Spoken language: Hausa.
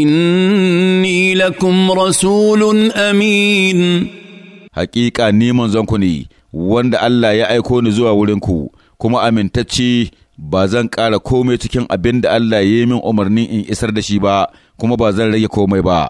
inni lakum rasulun amin Haƙiƙa ni manzonku ne wanda Allah ya aiko ni zuwa wurinku kuma amintacci ba zan ƙara komai cikin abin da Allah ya yi min umarnin in isar da shi ba kuma ba zan rage komai ba